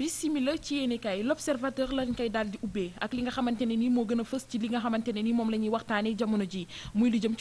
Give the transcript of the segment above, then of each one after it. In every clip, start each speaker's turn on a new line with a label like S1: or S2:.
S1: bisimila ci yéenekaay l'observateur lañ koy daal di ak li nga xamante nii moo gën a fës ci li nga xamante ne nii moom la ñuy waxtaanee jamono ji muy lu jëm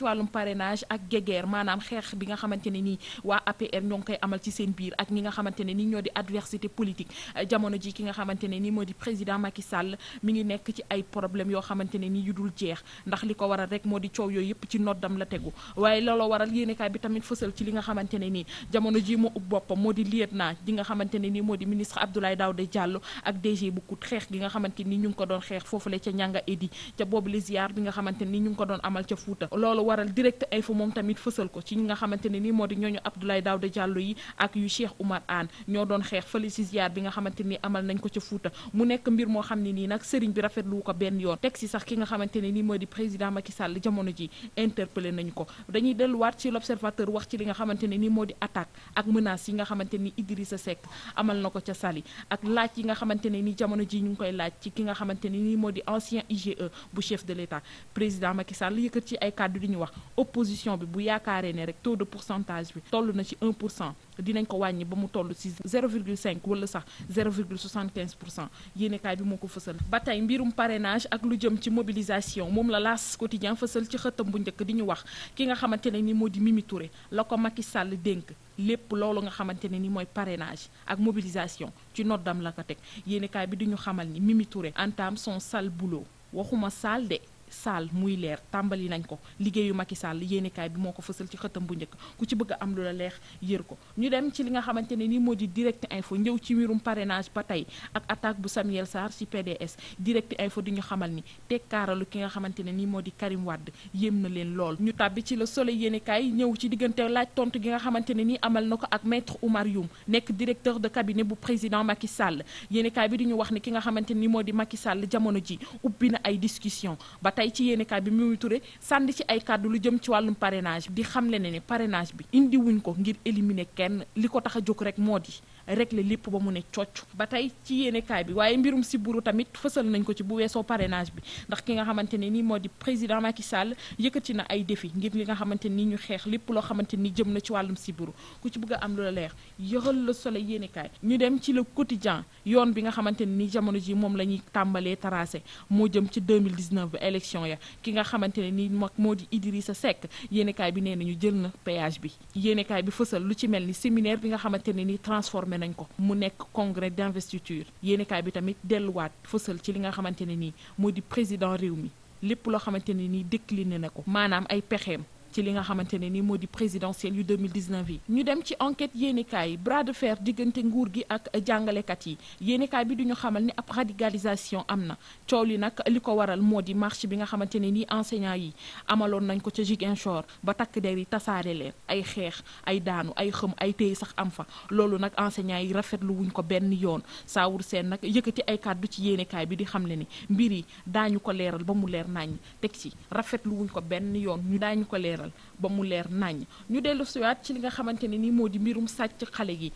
S1: moo di président Macky Sall ngi nekk ci ay problème yoo xamante ne nii yu dul jeex ndax li ko waral rek moo di coow yooyu yëpp ci noddam la tegu waaye looloo waral yéenekaay bi tamit fësal ci li nga xamante nii jamono ji mu ub boppam moo di liet naa di nga xamante nii moo di ministre Abdoulaye Daouda jàll ak DG bu kut xeex gi nga xamante ni ñu ngi ko doon xeex foofule ca ñanga edi ca boobu le ziar bi nga xamante ni ñu ngi ko doon amal ca Fuuta loolu waral direct ay moom tamit fësal ko ci nga xamante ne ni moo di ñooñu Abdoulaye Daouda Diallo yi ak yu Cheikh Oumar Anne ñoo doon xeex fële si ziar bi nga xamante ni amal nañ ko ca Fuuta mu nekk mbir moo xam ne nii nag sëriñ bi rafetlu ko benn yoon teg si sax ki nga xamante ne ni moo di président Macky Sall jamono ji interpellé nañu ko dañuy delluwaat ci l'observateur wax ci li nga xamante ne ni moo di attaque ak menace yi nga xamante ni Idrissa Seck amal na ko ca sali ak laaj yi nga xamante ne ni jamono ji ñu ngi koy laaj ci ki nga xamante ne ni moo di ancien IGE bu chef de l'État président Macky Sall yëkkat ci ay kàddu di ñu wax opposition bi bu yaakaaree ne rek taux de pourcentage bi toll na ci un pour cent dinañ ko wàññi ba mu toll ci 0,5 wala sax 0,75 pour cent yéenekaay bi moo ko fësal ba tey mbirum parrainage ak lu jëm ci mobilisation moom la laas quotidien fësal ci xëtam bu njëkk di wax ki nga xamante ne ni moo di Mimi la ko Macky Sall dénk lépp loolu nga xamante ne ni mooy parrainage ak mobilisation ci noddam la ko teg yéenekaay bi di ñu xamal ni Mimi Touré entame son sale boulot waxuma sale de Sall muy leer tàmbali nañ ko liggéeyu Macky Sall yéenekaay bi moo ko fësal ci xëtam bu njëkk ku ci bëgg am lu la leex yër ko ñu dem ci li nga xamante ne ni moo di direct info ñëw ci mbirum parrainage ba tey attaque bu Samuel Sarr ci PDS direct info di ñu xamal ni tekkaaralu ki nga xamante ne ni moo di Karim wadd yéem na leen lool ñu tàbbi ci la Soleil yéenekaay ñëw ci diggante laaj tontu gi nga xamante ne ni amal na ko ak maître Oumar Youm nekk directeur de cabinet bu président Macky Sall yéenekaay bi di ñu wax ni ki nga xamante ne ni moo di Macky Sall jamono ji ubbi na ay discussion ba tey ci yéenekaay bi Mimi Touré sànni ci ay kàddu lu jëm ci wàllum parrainage bi xamle ne ne parrainage bi indiwuñ ko ngir éliminer kenn li ko tax a jóg rek moo di régler lépp ba mu ne cocc ba tey ci yéenekaay bi waaye mbirum Sibourou tamit fësal nañ ko ci bu weesoo parenage bi ndax ki nga xamante ne ni moo di président Macky Sall yëkkati na ay défi ngir li nga xamante ni ñu xeex lépp loo xamante ni jëm na ci wàllum Sibourou ku ci bëgg am lu la leer yëral Le Soleil yéenekaay ñu dem ci Le Quotidien yoon bi nga xamante ne ni jamono ji moom la ñuy tàmbalee tracé moo jëm ci 2019 ba élection ya ki nga xamante ne ni mag moo di Idrissa Seck yéenekaay bi nee nañu jël na péage bi yéenekaay bi fësal lu ci mel ni séminaire bi nga xamante ne ni transformé nañ ko mu nekk congrès d'investiture yéenekaay bi tamit delluwaat fësal ci li nga xamante ne nii moo di président réew mi lépp loo xamante ne nii décliné na ko maanaam ay pexeem ci li nga xamante ne ni moo di présidentielle yu 2019 yi ñu dem ci enquête yéenekaay bras de fer diggante nguur gi ak jàngalekat yi yéenekaay bi duñu xamal ni ab radicalisation am na coow li nag li ko waral moo di marché bi nga xamante ne ni enseignant yi amaloon nañ ko ca Ziguinchor ba takk der yi tasaare leen ay xeex ay daanu ay xëm ay téye sax am fa loolu nag enseignant yi rafetlu wuñ ko benn yoon saawur seen nag yëkkati ay kàddu ci yéenekaay bi di xamle ni mbir yi daañu ko leeral ba mu leer nañ teg ci rafetlu ko benn yoon daañu ko leeral leeral ba mu leer naññ ñu dellu siwaat ci li nga xamante ne ni moo di mbirum sàcc xale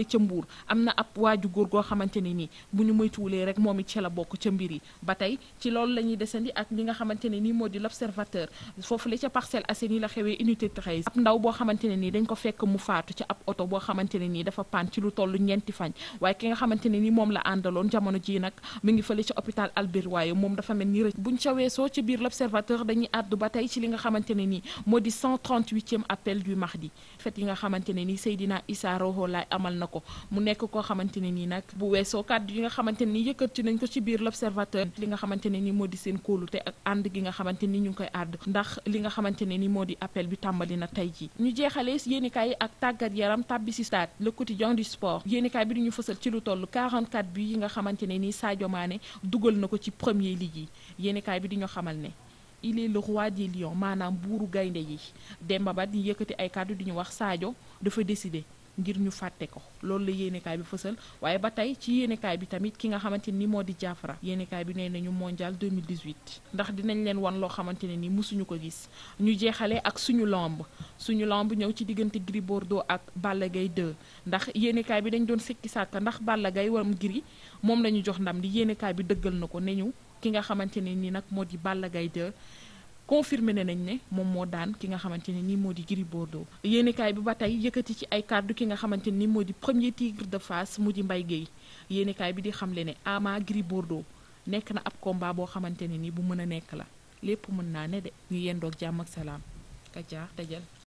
S1: la ca mbuur am na ab ni bu moo di l'observateur foofu la ca Parcelles Assainies la xewee unité 13 ab ndaw boo xamante ne ni dañ ko nii moom la àndaloon jamono ji nag mi ngi fële ci hôpital Albert Royer moom dafa mel ni bu buñ ca weesoo ci biir l'observateur dañuy àddu ba tey ci li nga xamante ne nii moo di 138e appel du di fet yi nga xamante ne nii sey dina Roho Laye amal na ko mu nekk koo xamante ne nii nag bu weesoo kàddu yi nga xamante ne nii yëkkati nañ ko ci biir l'observateur li nga xamante ne nii moo di seen kóolute ak ànd gi nga xamante ni ñu ngi koy àdd ndax li nga xamante ne nii moo di appel bi tàmbali na tey ji ñu jeexalee yéenikaay ak tàggat yaram tàbbi si stade le quotidien du sport yéenikaay bi duñu fësal ci lu toll 44 bi yi nga xamante ne nii Sadio Mané dugal na ci premier ligue yi yéenekaay bi di ñu xamal ne il est le roi des lions maanaam buuru gaynde yi Demba Ba di yëkkati ay kàddu di wax Sadio dafa décider ngir ñu fàtte ko loolu la yéenekaay bi fësal waaye ba tey ci yéenekaay bi tamit ki nga xamante ni moo di jaafara yéenekaay bi nee nañu mondial 2018 ndax dinañ leen won loo xamante ne ni mësuñu ko gis ñu jeexale ak suñu lomb suñu lomb ñëw ci diggante Gris Bordeaux ak Balla Gaye 2 ndax yéenekaay bi dañ doon sikki sàkk ndax Balla Gaye wam Gris moom la ñu jox ndam li yéenekaay bi dëggal na ko ne ñu ki nga xamante ne ni nag moo di Balla Gaye 2 confirmé ne nañ ne moom moo daan ki nga xamante ne ni moo di Gris Bordeaux yéenekaay bi ba tey yëkkati ci ay kàddu ki nga xamante ni moo di premier tigre de Fass mu di mbay Guèye yéenekaay bi di xamle ne Ama Gris Bordeaux nekk na ab combat boo xamante ne ni bu mën a nekk la lépp mën naa ne de ñu yendoog jàmm ak salaam ka jaax dajal